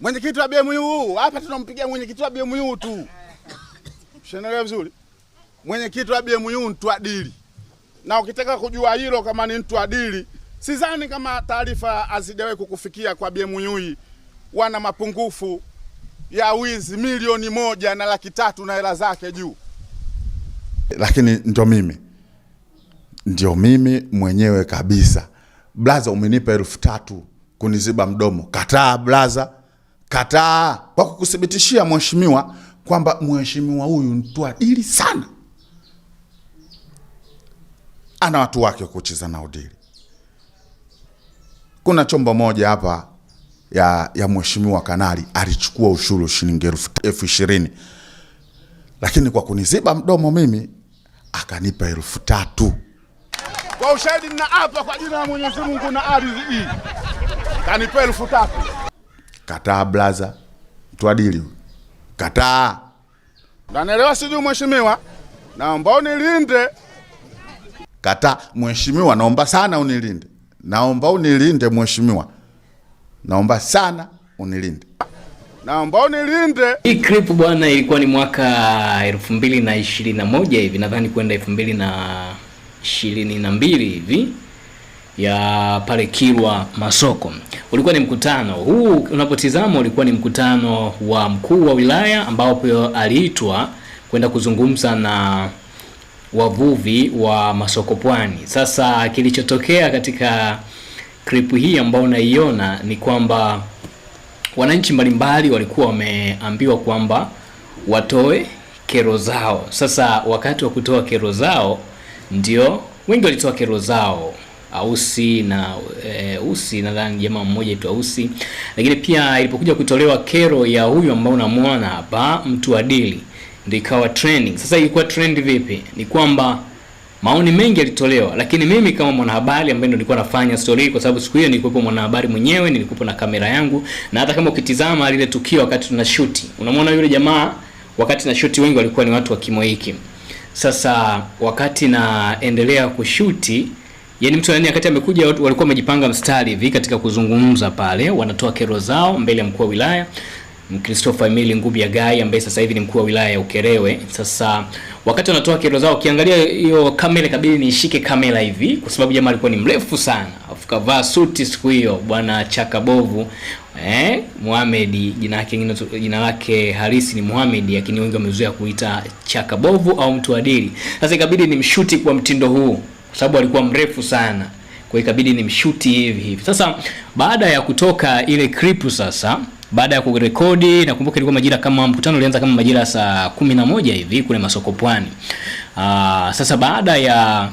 Mwenyekiti wa BMU hapa tunampigia mwenyekiti wa BMU tu. Unaelewa vizuri? Mwenyekiti wa BMU mtu adili. Na ukitaka kujua hilo kama ni mtu adili, sidhani kama taarifa hazijawahi kukufikia kwa BMU wana mapungufu ya wizi milioni moja na laki tatu na hela zake juu. Lakini ndio mimi ndio mimi mwenyewe kabisa. Blaza, umenipa elfu tatu kuniziba mdomo. Kataa blaza kataa kwa kukuthibitishia mheshimiwa kwamba mheshimiwa huyu mtu adili sana, ana watu wake kucheza na udili. Kuna chombo moja hapa ya, ya mheshimiwa kanali alichukua ushuru shilingi elfu ishirini lakini kwa kuniziba mdomo mimi akanipa elfu tatu Kwa ushahidi na hapa, kwa jina la Mwenyezi Mungu na ardhi hii kanipa elfu tatu Kataa blaza, twadili kataa. Nanielewa sijui mheshimiwa, naomba unilinde. Kataa mheshimiwa, naomba sana unilinde, naomba unilinde mheshimiwa, naomba sana unilinde naomba unilinde. Hii clip bwana ilikuwa ni mwaka elfu mbili na ishirini na moja hivi nadhani kwenda elfu mbili na ishirini na mbili hivi ya pale Kilwa Masoko. Ulikuwa ni mkutano huu, unapotizama ulikuwa ni mkutano wa mkuu wa wilaya ambao pia aliitwa kwenda kuzungumza na wavuvi wa Masoko Pwani. Sasa kilichotokea katika klipu hii ambayo unaiona ni kwamba wananchi mbalimbali walikuwa wameambiwa kwamba watoe kero zao. Sasa wakati wa kutoa kero zao, ndio wengi walitoa kero zao. Ausi na e, Usi nadhani jamaa mmoja aitwa Usi, Lakini pia ilipokuja kutolewa kero ya huyu ambao unamwona hapa mtu adili, ndio ikawa trending. Sasa ilikuwa trend vipi? Ni kwamba maoni mengi yalitolewa, lakini mimi kama mwanahabari ambaye ndo nilikuwa nafanya story kwa sababu siku hiyo nilikuwa mwanahabari mwenyewe, nilikuwa na kamera yangu, na hata kama ukitizama lile tukio wakati tuna shoot, unamwona yule jamaa wakati na shoot, wengi walikuwa ni watu wa kimoiki. Sasa wakati naendelea kushuti Yaani mtu nani akati amekuja walikuwa wamejipanga mstari hivi katika kuzungumza pale, wanatoa kero zao mbele ya mkuu wa wilaya Christopher Emil Ngubia Gai ambaye sasa hivi ni mkuu wa wilaya ya Ukerewe. Sasa wakati wanatoa kero zao, ukiangalia hiyo kamera kabili niishike kamera hivi kwa sababu jamaa alikuwa ni mrefu sana. Afu kavaa suti siku hiyo bwana Chakabovu eh, Mohamed jina lake jina lake halisi ni Mohamed, lakini wengi wamezoea kuita Chakabovu au mtu adili. Sasa ikabidi nimshuti kwa mtindo huu kwa sababu alikuwa mrefu sana, kwa ikabidi ni mshuti hivi hivi. Sasa baada ya kutoka ile clip sasa baada ya kurekodi, nakumbuka ilikuwa majira kama mkutano ulianza kama majira saa kumi na moja hivi kule Masoko Pwani. Aa, ah, sasa baada ya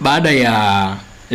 baada ya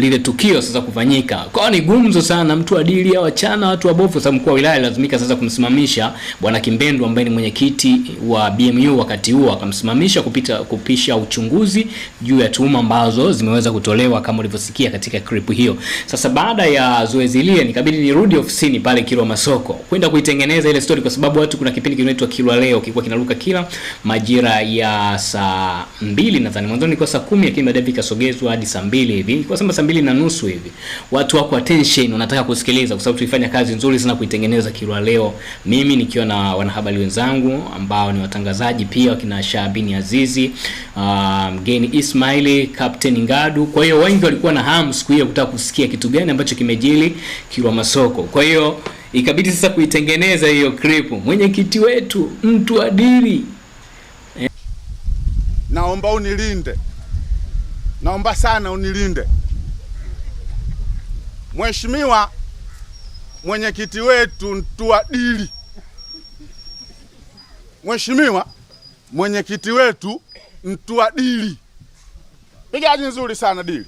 lile tukio sasa kufanyika. Kwa ni gumzo sana, mtu adili au achana watu wabofu, sababu mkuu wa wilaya lazimika sasa kumsimamisha bwana Kimbendu ambaye ni mwenyekiti wa BMU wakati huo, akamsimamisha kupita kupisha uchunguzi juu ya tuhuma ambazo zimeweza kutolewa kama ulivyosikia katika clip hiyo. Sasa baada ya zoezi lile, nikabidi nirudi ofisini pale Kilwa Masoko kwenda kuitengeneza ile story, kwa sababu watu, kuna kipindi kinaitwa Kilwa Leo kilikuwa kinaruka kila majira ya saa mbili nadhani, mwanzo ni kwa saa 10 lakini baadaye vikasogezwa hadi saa mbili hivi kwa sababu mbili na nusu hivi watu wako attention, wanataka kusikiliza, kwa sababu tuifanya kazi nzuri sana kuitengeneza Kilwa leo, mimi nikiwa na wanahabari wenzangu ambao ni watangazaji pia, wakina Shaabini Azizi, ah, mgeni um, Ismaili, Captain Ngadu. Kwa hiyo wengi walikuwa na hamu siku hiyo kutaka kusikia kitu gani ambacho kimejili Kilwa Masoko. Kwa hiyo ikabidi sasa kuitengeneza hiyo clip. Mwenyekiti wetu mtu adili eh. Naomba unilinde, naomba sana unilinde. Mheshimiwa mwenyekiti wetu ntua dili. Mheshimiwa mwenyekiti wetu ntua dili, pigaji nzuri sana dili.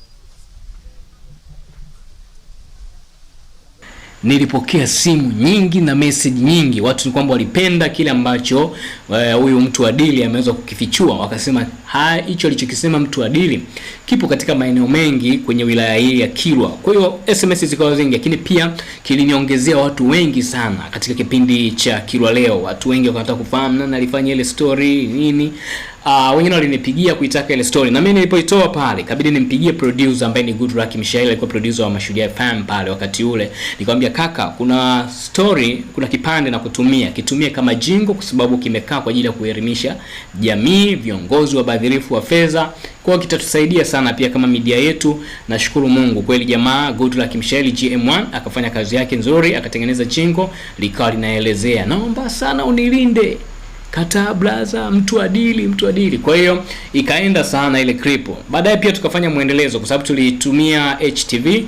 Nilipokea simu nyingi na message nyingi, watu ni kwamba walipenda kile ambacho Eh, huyu uh, mtu adili ameweza kukifichua, wakasema hicho alichokisema mtu adili kipo katika maeneo mengi kwenye wilaya hii ya Kilwa. Kwa hiyo SMS zikawa zingi, lakini pia kiliniongezea watu wengi sana katika kipindi cha Kilwa Leo. Watu wengi wakataka kufahamu nani alifanya ile story nini. Uh, wengine walinipigia kuitaka ile story na mimi nilipoitoa pale, kabidi nimpigie producer ambaye ni Good Luck Mishael, alikuwa producer wa Mashujaa FM pale wakati ule. Nikamwambia kaka, kuna story, kuna kipande na kutumia kitumie kama jingo, kwa sababu kimekaa sana kwa ajili ya kuelimisha jamii, viongozi, wa badhirifu wa fedha. Kwa kitatusaidia sana pia kama media yetu. Nashukuru Mungu kweli, jamaa Goodluck Msheli GM1 akafanya kazi yake nzuri, akatengeneza chingo likawa linaelezea. Naomba sana unilinde kata blaza, mtu adili, mtu adili. Kwa hiyo ikaenda sana ile clip. Baadaye pia tukafanya mwendelezo, kwa sababu tulitumia HTV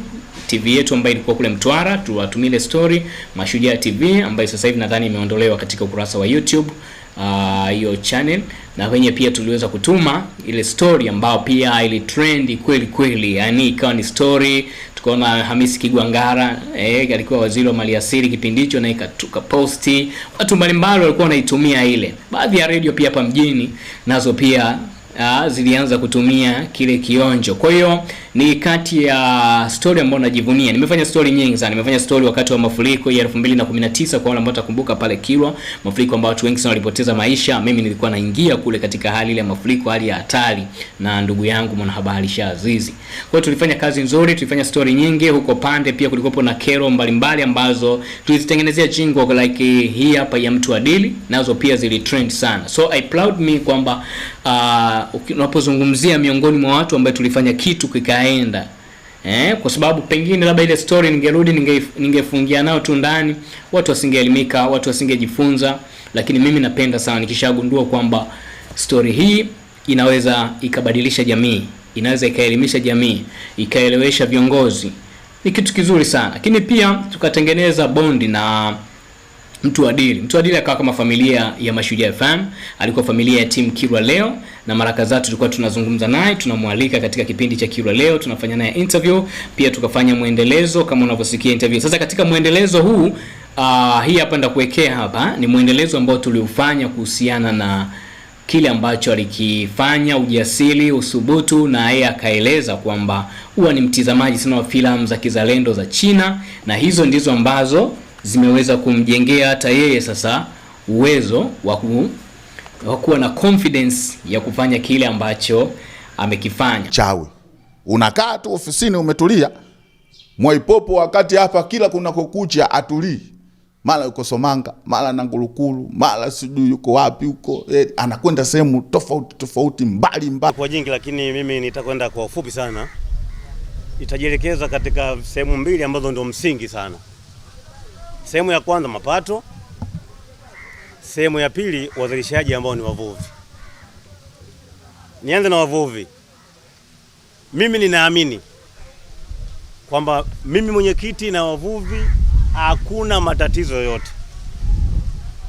TV yetu ambayo ilikuwa kule Mtwara, tuwatumile story Mashujaa TV ambayo sasa hivi nadhani imeondolewa katika ukurasa wa YouTube. Uh, hiyo uh, channel na kwenye pia tuliweza kutuma ile story ambayo pia ili trend kweli kweli, yani ikawa ni story. Tukaona Hamisi Kigwangara eh, alikuwa waziri wa maliasili kipindi hicho, na ikatuka posti, watu mbalimbali walikuwa wanaitumia ile. Baadhi ya redio pia hapa mjini nazo pia uh, zilianza kutumia kile kionjo, kwa hiyo ni kati ya story ambayo najivunia. Nimefanya story nyingi sana. Nimefanya story wakati wa mafuriko ya 2019 kwa wale ambao watakumbuka pale Kilwa, mafuriko ambayo watu wengi sana walipoteza maisha. Mimi nilikuwa naingia kule katika hali ile ya mafuriko, hali ya hatari na ndugu yangu mwanahabari Shazizi. Kwa hiyo tulifanya kazi nzuri, tulifanya story nyingi huko pande, pia kulikuwa na kero mbalimbali mbali ambazo tulizitengenezea jingo like hii hapa ya mtu adili, nazo pia zilitrend sana. So I proud me kwamba uh, unapozungumzia miongoni mwa watu ambao tulifanya kitu kika nitaenda eh, kwa sababu pengine labda ile story ningerudi ningefungia ninge, ningefungia nayo tu ndani, watu wasingeelimika, watu wasingejifunza. Lakini mimi napenda sana nikishagundua kwamba story hii inaweza ikabadilisha jamii, inaweza ikaelimisha jamii, ikaelewesha viongozi, ni kitu kizuri sana. Lakini pia tukatengeneza bondi na Mtu wa Dili. Mtu wa Dili akawa kama familia ya Mashujaa FM, alikuwa familia ya team Kirwa leo na mara kadhaa tulikuwa tunazungumza naye, tunamwalika katika kipindi cha Kilwa Leo, tunafanya naye interview pia, tukafanya mwendelezo kama unavyosikia interview. Sasa katika mwendelezo huu uh, hii hapa ndakuwekea hapa ni mwendelezo ambao tuliufanya kuhusiana na kile ambacho alikifanya, ujasiri, usubutu, na yeye akaeleza kwamba huwa ni mtizamaji sana wa filamu za kizalendo za China, na hizo ndizo ambazo zimeweza kumjengea hata yeye sasa uwezo wa wakuwa na confidence ya kufanya kile ambacho amekifanya. Chawi, unakaa tu ofisini umetulia. Mwaipopo wakati hapa kila kuna kukucha atulii, mara yuko Somanga, mara Nangulukulu, mara sijui yuko wapi huko eh, anakwenda sehemu tofauti tofauti mbali mbali kwa jingi, lakini mimi nitakwenda kwa ufupi sana, itajielekeza katika sehemu mbili ambazo ndio msingi sana. Sehemu ya kwanza mapato Sehemu ya pili, wazalishaji ambao ni wavuvi. Nianze na wavuvi. Mimi ninaamini kwamba mimi mwenyekiti na wavuvi hakuna matatizo yoyote.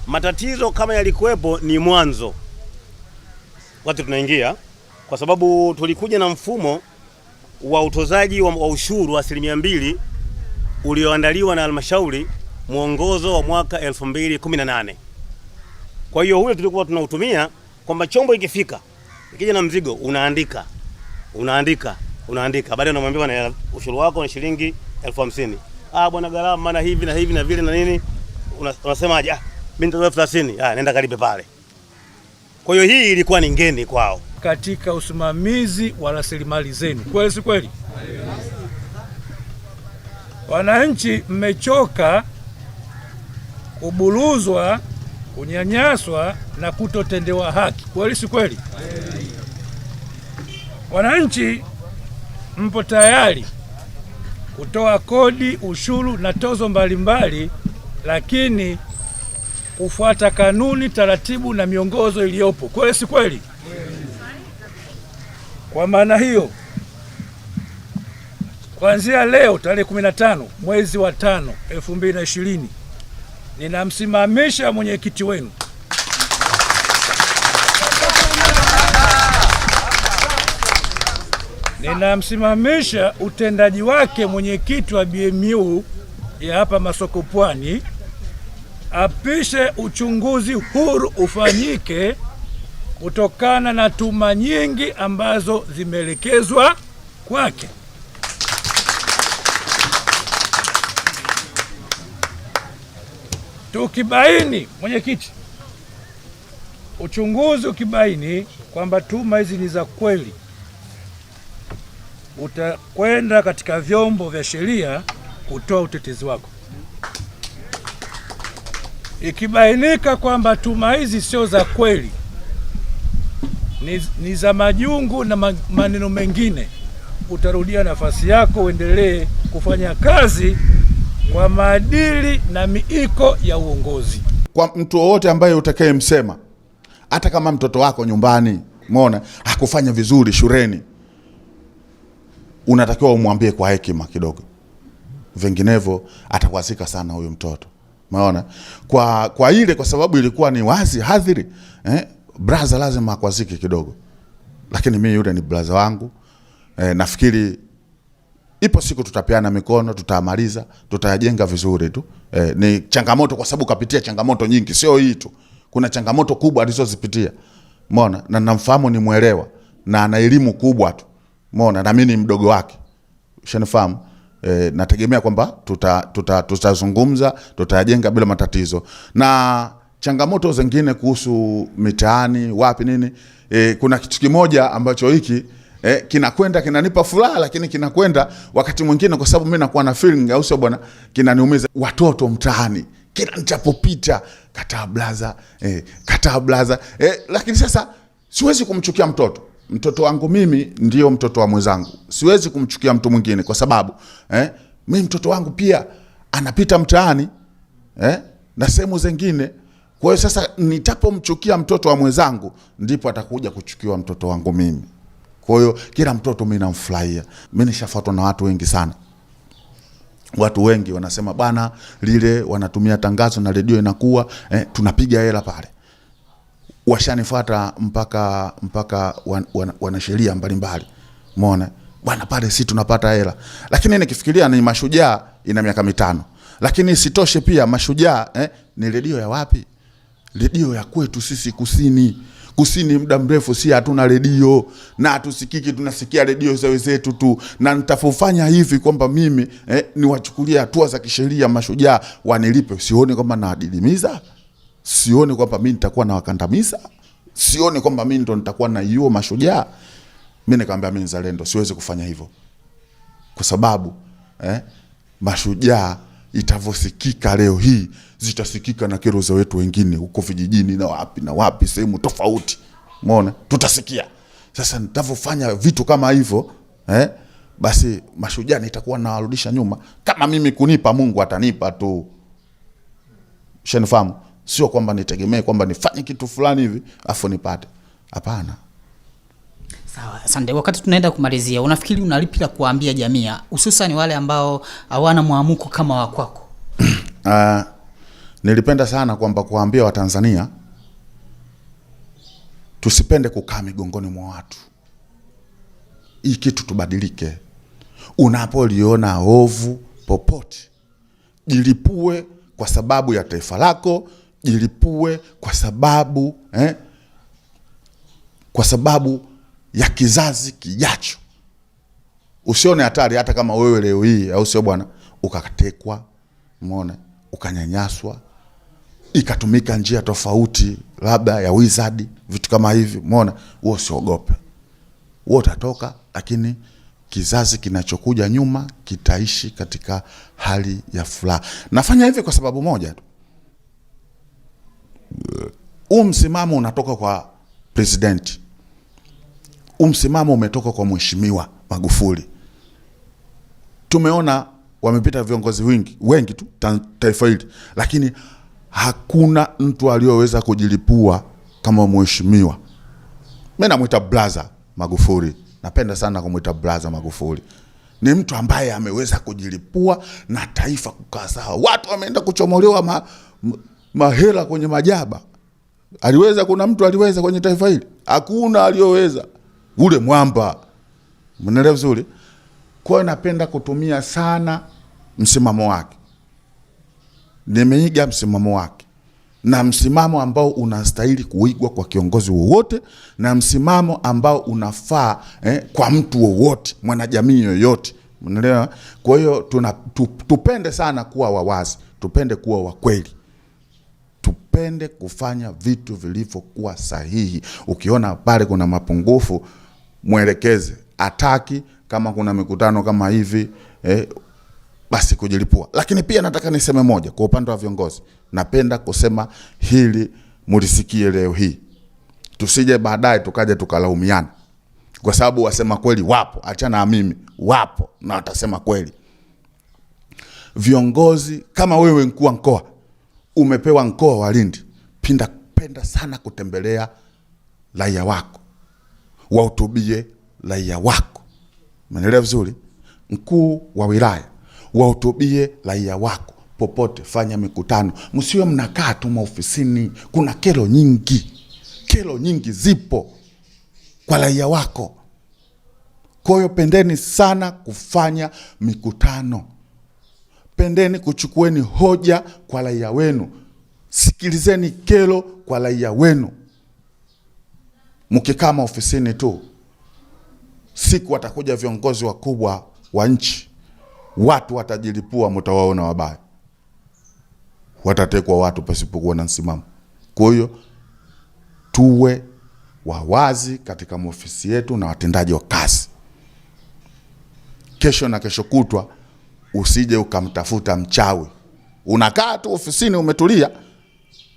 Matatizo kama yalikuwepo ni mwanzo, wakati tunaingia, kwa sababu tulikuja na mfumo wa utozaji wa ushuru wa asilimia mbili ulioandaliwa na halmashauri, mwongozo wa mwaka 2018. Kwa hiyo huyo tulikuwa tunautumia kwamba chombo ikifika ikija na mzigo unaandika unaandika unaandika, baadaye unamwambia na ushuru wako ni shilingi elfu hamsini. Ah bwana, gharama maana hivi na hivi na vile na nini, unasemaje? Ah, mimi nitatoa elfu thelathini. Ah, nenda kalipe pale. Kwa hiyo hii ilikuwa ni ngeni kwao katika usimamizi wa rasilimali zenu. Kweli si kweli? Wananchi mmechoka kuburuzwa kunyanyaswa na kutotendewa haki. Kweli si kweli? Wananchi, mpo tayari kutoa kodi, ushuru na tozo mbalimbali, lakini kufuata kanuni, taratibu na miongozo iliyopo. Kweli si kweli? Kwa maana hiyo, kuanzia leo tarehe 15 mwezi wa 5 2020 ninamsimamisha mwenyekiti wenu ninamsimamisha utendaji wake mwenyekiti wa BMU ya hapa Masoko Pwani, apishe uchunguzi huru ufanyike kutokana na tuma nyingi ambazo zimeelekezwa kwake. Tukibaini mwenyekiti, uchunguzi ukibaini kwamba tuma hizi ni za kweli, utakwenda katika vyombo vya sheria kutoa utetezi wako. Ikibainika kwamba tuma hizi sio za kweli, ni, ni za majungu na maneno mengine, utarudia nafasi yako, uendelee kufanya kazi kwa maadili na miiko ya uongozi. Kwa mtu wowote ambaye utakayemsema, hata kama mtoto wako nyumbani umeona hakufanya vizuri shuleni, unatakiwa umwambie kwa hekima kidogo, vinginevyo atakwazika sana huyu mtoto. Umeona kwa, kwa ile kwa sababu ilikuwa ni wazi hadhiri eh, braza lazima akwazike kidogo, lakini mimi yule ni braza wangu eh, nafikiri ipo siku tutapeana mikono, tutamaliza, tutajenga vizuri tu. Eh, ni changamoto kwa sababu kapitia changamoto nyingi, sio hii tu. Kuna changamoto kubwa alizozipitia. Umeona? Na namfahamu ni mwelewa na ana elimu kubwa tu. Umeona? Na mimi ni mdogo wake. Ushanifahamu? Eh, nategemea kwamba tutazungumza, tuta, tuta tutajenga bila matatizo. Na changamoto zingine kuhusu mitaani, wapi nini? Eh, kuna kitu kimoja ambacho hiki eh, kinakwenda kinanipa furaha, lakini kinakwenda wakati mwingine, kwa sababu mimi nakuwa na feeling au sio bwana, kinaniumiza. Watoto mtaani kila nitapopita, kataa blaza eh, kataa blaza eh, lakini sasa siwezi kumchukia mtoto mtoto wangu mimi ndio mtoto wa mwenzangu, siwezi kumchukia mtu mwingine kwa sababu eh, mi mtoto wangu pia anapita mtaani eh, na sehemu zingine. Kwa hiyo sasa, nitapomchukia mtoto wa mwenzangu ndipo atakuja kuchukiwa mtoto wangu mimi. Kwa hiyo kila mtoto mimi namfurahia. Mimi nishafuatwa na watu wengi sana. Watu wengi wanasema bana, lile wanatumia tangazo na redio inakuwa eh, tunapiga hela pale. Washanifuata mpaka mpaka wan, wan, wanasheria mbalimbali. Umeona? Bwana pale si tunapata hela. Lakini nikifikiria ni mashujaa ina miaka mitano. Lakini sitoshe pia mashujaa eh, ni redio ya wapi? Redio ya kwetu sisi kusini kusini muda mrefu, si hatuna redio na hatusikiki, tunasikia redio za wenzetu tu, na nitafufanya hivi kwamba mimi eh, niwachukulie hatua za kisheria mashujaa wanilipe. Sioni kwamba naadidimiza, sioni kwamba mimi nitakuwa nawakandamiza, sioni kwamba mimi ndo nitakuwa na hiyo mashujaa. Mimi nikamwambia mimi nzalendo, siwezi kufanya hivyo kwa sababu eh, mashujaa itavyosikika leo hii zitasikika na kero za wetu wengine huko vijijini na wapi na wapi, sehemu tofauti. Umeona, tutasikia sasa. Nitavyofanya vitu kama hivyo eh, basi mashujaa nitakuwa nawarudisha nyuma. Kama mimi kunipa, Mungu atanipa tu, shenifahamu. Sio kwamba nitegemee kwamba nifanye kitu fulani hivi afu nipate, hapana. Sawa, asante. Wakati tunaenda kumalizia, unafikiri lipi la kuambia jamii hususan wale ambao hawana mwamko kama wa kwako? Uh, nilipenda sana kwamba kuambia Watanzania tusipende kukaa migongoni mwa watu. Hii kitu tubadilike. Unapoliona ovu popote, jilipue kwa sababu ya taifa lako, jilipue kwa sababu eh, kwa sababu ya kizazi kijacho. Usione hatari hata kama wewe leo hii, au sio bwana, ukatekwa, umeona, ukanyanyaswa, ikatumika njia tofauti, labda ya wizard, vitu kama hivi, umeona, wewe usiogope, wewe utatoka, lakini kizazi kinachokuja nyuma kitaishi katika hali ya furaha. Nafanya hivi kwa sababu moja tu, huu msimamo unatoka kwa presidenti umsimamo umetoka kwa Mheshimiwa Magufuli. Tumeona wamepita viongozi wengi wengi tu taifa hili, lakini hakuna mtu aliyoweza kujilipua kama mheshimiwa. Mimi namwita blaza Magufuli, napenda sana kumwita blaza Magufuli. Ni mtu ambaye ameweza kujilipua na taifa kukaa sawa. Watu wameenda kuchomolewa ma, ma, mahela kwenye majaba, aliweza. Kuna mtu aliweza kwenye taifa hili? Hakuna aliyoweza ule mwamba. Mnaelewa vizuri? Kwa hiyo napenda kutumia sana msimamo wake, nimeiga msimamo wake na msimamo ambao unastahili kuigwa kwa kiongozi wowote na msimamo ambao unafaa eh, kwa mtu wowote, mwanajamii yoyote. mnaelewa. Kwa hiyo tupende sana kuwa wawazi, tupende kuwa wakweli, tupende kufanya vitu vilivyokuwa sahihi. Ukiona pale kuna mapungufu mwelekeze ataki kama kuna mikutano kama hivi eh, basi kujilipua. Lakini pia nataka niseme moja kwa upande wa viongozi, napenda kusema hili mulisikie leo hii, tusije baadaye tukaja tukalaumiana, kwa sababu wasema kweli wapo, achana na mimi, wapo na watasema kweli. Viongozi kama wewe, mkuu wa mkoa, umepewa mkoa wa Lindi, pinda penda sana kutembelea raia wako wahutubie raia wako. Umeelewa vizuri? Mkuu wa wilaya wahutubie raia wako popote, fanya mikutano, msiwe mnakaa tu maofisini. Kuna kero nyingi, kero nyingi zipo kwa raia wako. Kwa hiyo pendeni sana kufanya mikutano, pendeni kuchukueni hoja kwa raia wenu, sikilizeni kero kwa raia wenu mkikaa maofisini tu, siku watakuja viongozi wakubwa wa nchi, watu watajilipua, mtawaona wabaya, watatekwa watu pasipokuwa na msimamo. Kwa hiyo tuwe wawazi katika maofisi yetu na watendaji wa kazi. Kesho na kesho kutwa usije ukamtafuta mchawi. Unakaa tu ofisini umetulia,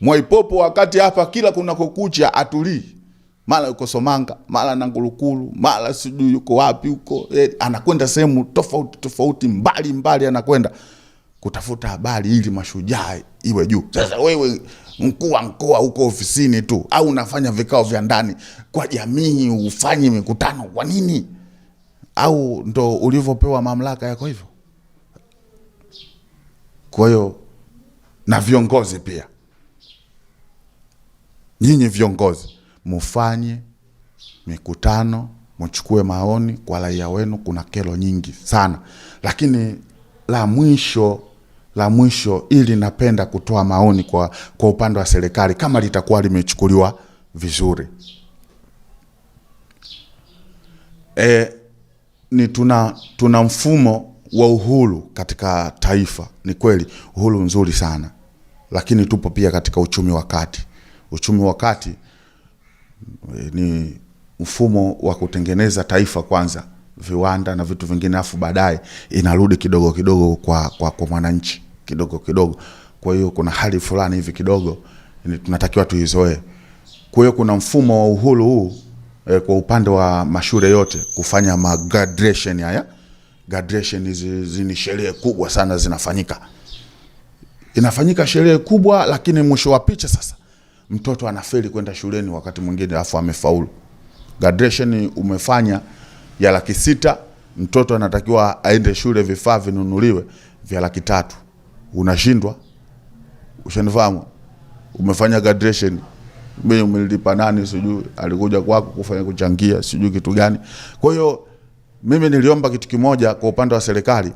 Mwaipopo wakati hapa kila kuna kukucha atulii mara yuko Somanga, mara Nangulukulu, mara sijui yuko wapi huko eh, anakwenda sehemu tofauti tofauti mbali mbali, anakwenda kutafuta habari ili mashujaa iwe juu. Sasa wewe mkuu wa mkoa huko ofisini tu, au unafanya vikao vya ndani kwa jamii, ufanye mikutano kwa nini? Au ndo ulivyopewa mamlaka yako hivyo? Kwa hiyo na viongozi pia, nyinyi viongozi mufanye mikutano, muchukue maoni kwa raia wenu. Kuna kero nyingi sana, lakini la mwisho la mwisho, ili napenda kutoa maoni kwa, kwa upande wa serikali kama litakuwa limechukuliwa vizuri e, ni tuna, tuna mfumo wa uhuru katika taifa. Ni kweli uhuru nzuri sana, lakini tupo pia katika uchumi wa kati. Uchumi wa kati Eh, ni mfumo wa kutengeneza taifa kwanza, viwanda na vitu vingine, afu baadaye inarudi kidogo kidogo kwa, kwa, kwa mwananchi kidogo kidogo. Kwa hiyo kuna hali fulani hivi kidogo tunatakiwa tuizoe Kwa hiyo kuna mfumo wa uhuru huu eh, kwa upande wa mashule yote kufanya ma graduation haya. Graduation hizi ni sherehe kubwa sana zinafanyika, inafanyika sherehe kubwa, lakini mwisho wa picha sasa mtoto anafeli kwenda shuleni wakati mwingine afu amefaulu. Graduation umefanya ya laki sita, mtoto anatakiwa aende shule vifaa vinunuliwe vya laki tatu, unashindwa. Ushanifahamu? Umefanya graduation, mimi umelipa nani? Sijui alikuja kwako kufanya kuchangia, sijui kitu gani. Kwa hiyo mimi niliomba kitu kimoja kwa upande wa serikali,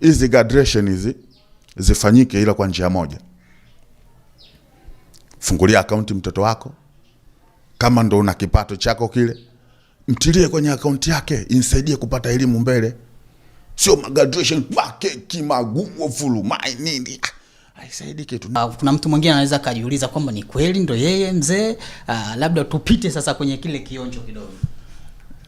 hizi graduation hizi zifanyike, ila kwa njia moja fungulia akaunti mtoto wako, kama ndo una kipato chako kile, mtilie kwenye akaunti yake, insaidie kupata elimu mbele, sio magraduation wake kimagumu fulu mai nini ah, ah, kuna mtu mwingine anaweza kajiuliza kwamba ni kweli ndo yeye mzee. Uh, labda tupite sasa kwenye kile kionjo kidogo.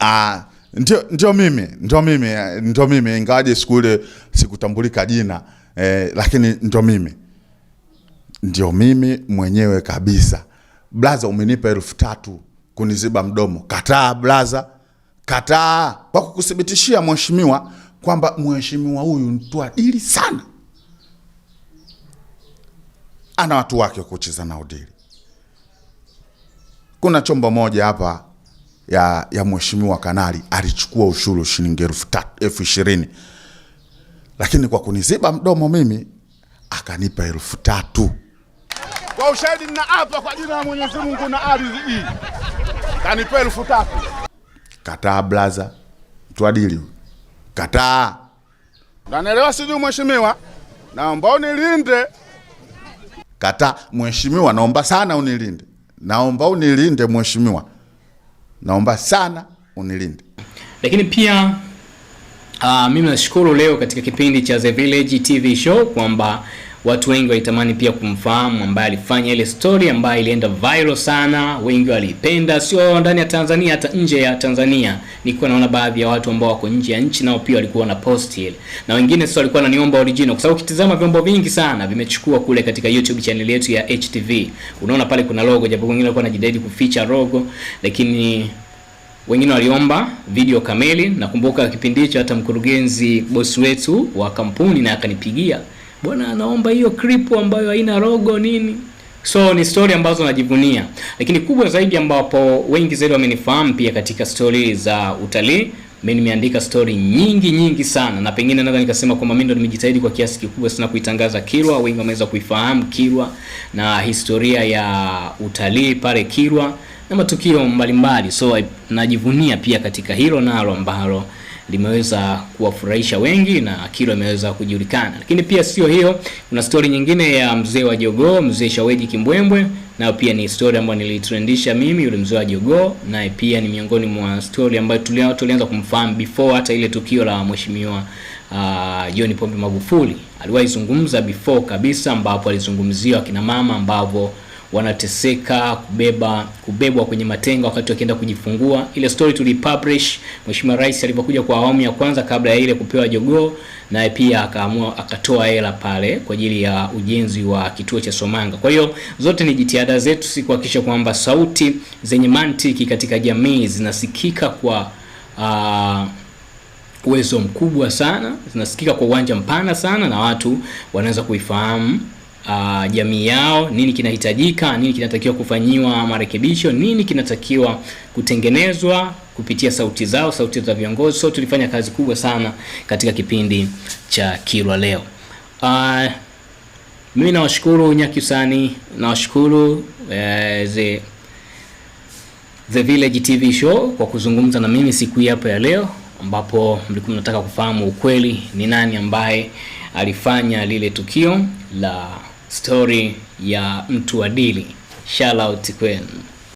Uh, ndio ndio mimi ndio mimi ndio mimi, ingawaje siku ile sikutambulika jina eh, lakini ndio mimi ndio mimi mwenyewe kabisa. Blaza, umenipa elfu tatu kuniziba mdomo. Kataa blaza, kataa, kwa kukuthibitishia mheshimiwa kwamba mheshimiwa huyu mtu sana, ana watu wake kucheza na udili. Kuna chombo moja hapa ya, ya mheshimiwa kanali alichukua ushuru shilingi elfu ishirini lakini kwa kuniziba mdomo mimi akanipa elfu tatu. Kwa ushahidi hapa kwa jina la Mwenyezi Mungu na ardhi hii, kanipe elfu tatu. Kataa blaza, tuadili, kataa. Unanielewa sijui mheshimiwa? Naomba unilinde. Kataa mheshimiwa, naomba sana unilinde, naomba unilinde mheshimiwa, naomba sana unilinde. Lakini pia uh, mimi nashukuru leo katika kipindi cha The Village TV Show kwamba watu wengi walitamani pia kumfahamu ambaye alifanya ile story ambayo ilienda viral sana, wengi waliipenda, sio ndani ya Tanzania, hata nje ya Tanzania. Nilikuwa naona baadhi ya watu ambao wako nje ya nchi nao pia walikuwa na post ile, na wengine sio, walikuwa naniomba original, kwa sababu ukitizama vyombo vingi sana vimechukua kule katika YouTube channel yetu ya HTV, unaona pale kuna logo, japo wengine walikuwa wanajidai kuficha logo, lakini wengine waliomba video kamili. Nakumbuka kipindi hicho hata mkurugenzi bosi wetu wa kampuni na akanipigia bwana anaomba hiyo clip ambayo haina logo nini. So ni story ambazo najivunia, lakini kubwa zaidi ambapo wengi zaidi wamenifahamu pia katika story za utalii mimi nimeandika story nyingi nyingi sana, na pengine naweza nikasema kwamba mimi ndo nimejitahidi kwa kiasi kikubwa sana kuitangaza kirwa Wengi wameweza kuifahamu kirwa na historia ya utalii pale kirwa na matukio mbalimbali, so najivunia pia katika hilo nalo ambalo limeweza kuwafurahisha wengi na Kilo ameweza kujulikana. Lakini pia sio hiyo, kuna stori nyingine ya mzee wa jogoo, mzee Shaweji Kimbwembwe nayo pia ni stori ambayo nilitrendisha mimi. Yule mzee wa jogoo naye pia ni miongoni mwa stori ambayo tulianza kumfahamu before hata ile tukio la mheshimiwa uh, John Pombe Magufuli. Aliwahi zungumza before kabisa, ambapo alizungumzia akina mama ambavyo wanateseka kubeba kubebwa kwenye matenga wakati wakienda kujifungua. Ile story tulipublish, Mheshimiwa Rais alipokuja kwa awamu ya kwanza kabla ya ile kupewa jogoo, naye pia akaamua akatoa hela pale kwa ajili ya ujenzi wa kituo cha Somanga. Kwa hiyo zote ni jitihada zetu si kuhakikisha kwamba sauti zenye mantiki katika jamii zinasikika kwa uh, uwezo mkubwa sana, zinasikika kwa uwanja mpana sana na watu wanaweza kuifahamu uh, jamii yao, nini kinahitajika, nini kinatakiwa kufanyiwa marekebisho, nini kinatakiwa kutengenezwa kupitia sauti zao, sauti za viongozi. So tulifanya kazi kubwa sana katika kipindi cha Kilwa Leo. Uh, mimi nawashukuru Nyakyusani, nawashukuru eh, The Village TV Show kwa kuzungumza na mimi siku hii hapa ya leo, ambapo mlikuwa mnataka kufahamu ukweli ni nani ambaye alifanya lile tukio la stori ya mtu wa dili. Shout out kwenu.